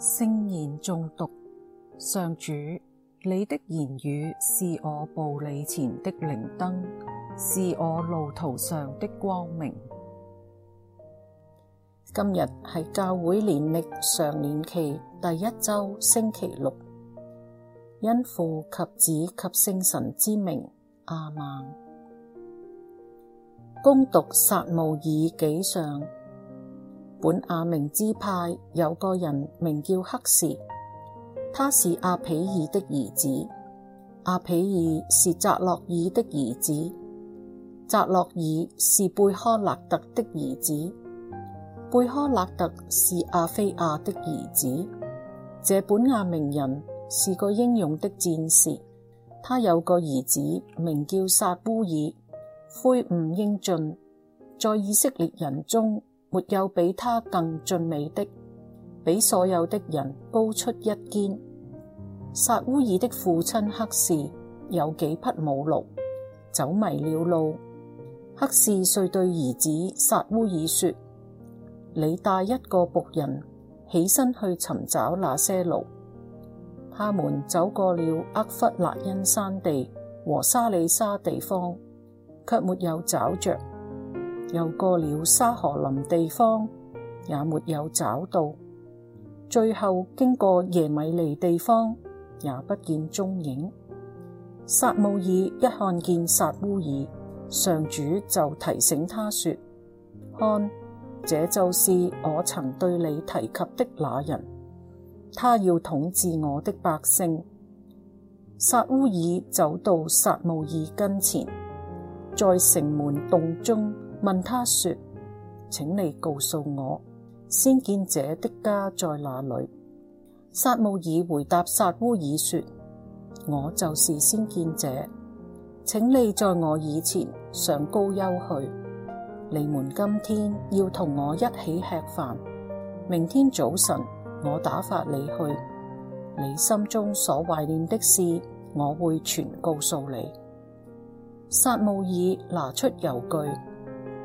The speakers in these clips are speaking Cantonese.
聖言誦讀，上主，你的言語是我步履前的靈燈，是我路途上的光明。今日係教會年曆常年期第一週星期六，因父及子及聖神之名，阿們，恭讀撒慕爾紀上。本雅明支派有個人名叫克士，他是阿彼耳的兒子，阿彼耳是責洛爾的兒子，責洛爾是貝苛辣特的兒子，貝苛辣特是阿非亞的兒子。這本雅明人是個英勇的戰士，他有個兒子名叫撒烏耳，魁梧英俊，在以色列人中。沒有比他更俊美的，比所有的人高出一肩。撒烏耳的父親克士有幾匹母驢，走迷了路。克士遂對兒子撒烏耳說：「你帶一個僕人起身去尋找那些驢。他們走過了厄弗辣因山地和沙里沙地方，却沒有找着。又過了沙阿林地方，也沒有找到。最後經過耶米尼地方，也不見蹤影。撒慕爾一看見撒烏爾，上主就提醒他說：看，這就是我曾對你提及的那人，他要統治我的百姓。撒烏爾走到撒慕爾跟前，在城門洞中。問他說：請你告訴我，先見者的家在哪裏？撒慕爾回答撒烏爾說：我就是先見者，請你在我以前上高丘去。你們今天要同我一起吃飯，明天早晨我打發你去，你心中所懷念的事，我會全告訴你。撒慕爾拿出油具。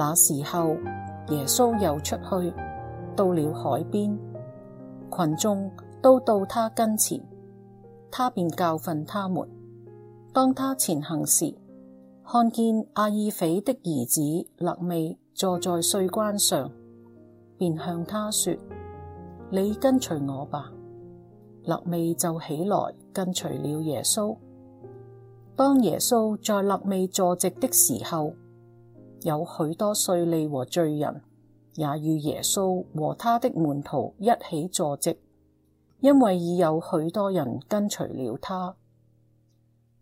那時候，耶穌又出去，到了海邊，群眾都到他跟前，他便教訓他們。當他前行時，看見阿耳斐的兒子肋未坐在稅關上，便向他說：你跟隨我吧。肋未就起來跟隨了耶穌。當耶穌在肋未坐席的時候。有許多稅吏和罪人也與耶穌和他的門徒一起坐席，因為已有許多人跟隨了他。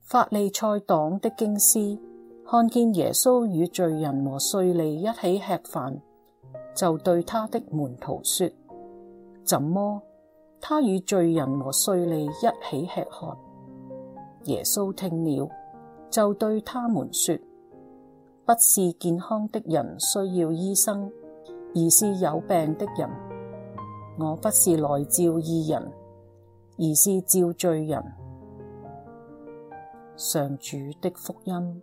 法利賽黨的經師看見耶穌與罪人和稅吏一起吃飯，就對他的門徒說：「怎麼他與罪人和稅吏一起吃喝？」耶穌聽了，就對他們說：不是健康的人需要醫生，而是有病的人。我不是來召義人，而是召罪人。上主的福音。